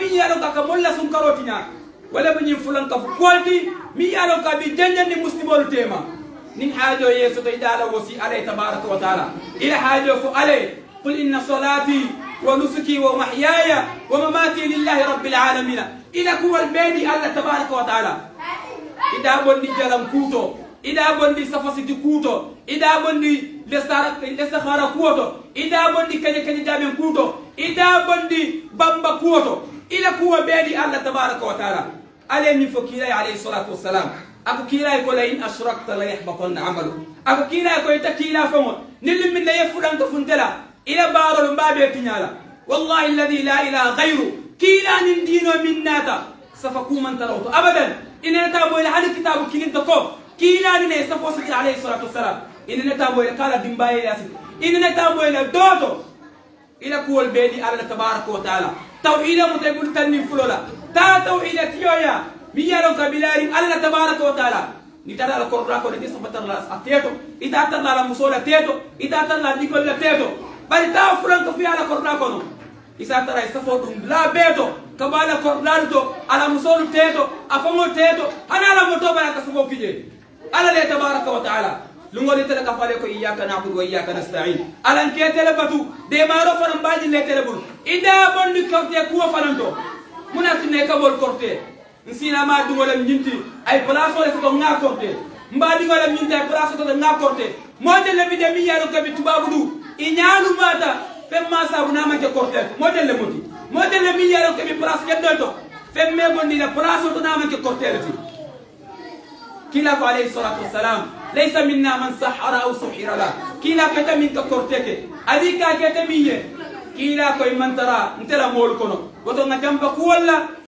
min ye a lon ka ka moolu la sunkaroo tiñaa wala mu ñiŋ fulaŋ ka fo kuwolu ti miŋ ye a lon ka bi janjandi musilimolu teema niŋ haajoo ye soto ida la wosi alla ye tabaraka wa taala ila haajoo fo alla ye qul inna solati wa nusuki wa mahyaya wa mamati lillahi rabbil alamina ila kuwol beedi alla tabaraka wa taala ida bondi jalam kuuto ida bondi safasiti kuuto ida bondi lesahara kuwo to ida bondi kañe kañe jaamen kuuto ida bondi bamba kuwo to إلى كوا بيني الله تبارك وتعالى على من فكيلا عليه الصلاة والسلام أكو كيلا يقول إن أشركت لا يحبطن عمله أكو كيلا يقول إنت كيلا فمو نل من لا يفرن تفندلا إلى بار المباب يتنالا والله الذي لا إله غيره كيلا نندين من ناتا سفكو من تلوتو أبدا إن نتابو إلى هذا الكتاب كيلا تقوم كيلا من يسفوسك إيه؟ عليه الصلاة والسلام إن نتابو إلى قال دمبايا ياسين إن نتابو إلى دوتو إلى كوا بيني الله تبارك وتعالى tawhida mutegun ni fulola ta tawhida tiyoya mi yalon kabilari allah tabaraka wa taala ni tara la korra ko ni sabatan la ateto ita tan la musola teto ita tan la nikol la teto bari ta fulan ko fi ala korra ko isa tara isa fo dum la beto kabala korral to ala musolu teto afamo teto ana ala moto bara kasugo kije ala le tabaraka wa taala lugol itele ka fale ko iyaka nabudu wa iyaka nastain alan ketele batu demaro fanan mbaji letele i ida bondi korte kuwo fanan to munatine kabol korte nsinama dugolem ñinti ay place ole foto nga korte mba dugolem ñinti ay place toto nga korte model le bide mi yaro kabi tubabu du iñalu mata femma sabu namanke korte model le moti model le mi yaro kabi place ñeddoto femme bondi la place toto namanke kortele ti كلاك عليه الصلاة والسلام ليس منا من سحر أو سحر له كلاك تمين كورتك أدي كتمية تمية كلاك من ترى انت لا مول كنو وتنا جنبك